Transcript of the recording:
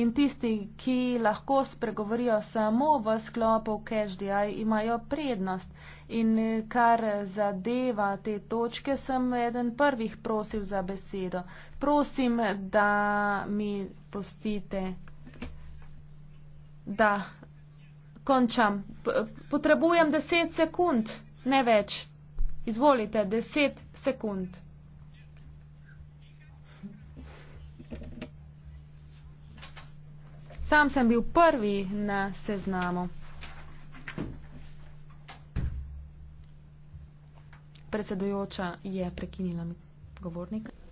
in tisti, ki lahko spregovorijo samo v sklopu CashDI, imajo prednost. In kar zadeva te točke, sem eden prvih prosil za besedo. Prosim, da mi postite, da končam. Potrebujem deset sekund, ne več. Izvolite, deset sekund. Sam sem bil prvi na seznamu. Predsedujoča je prekinila mi govornika.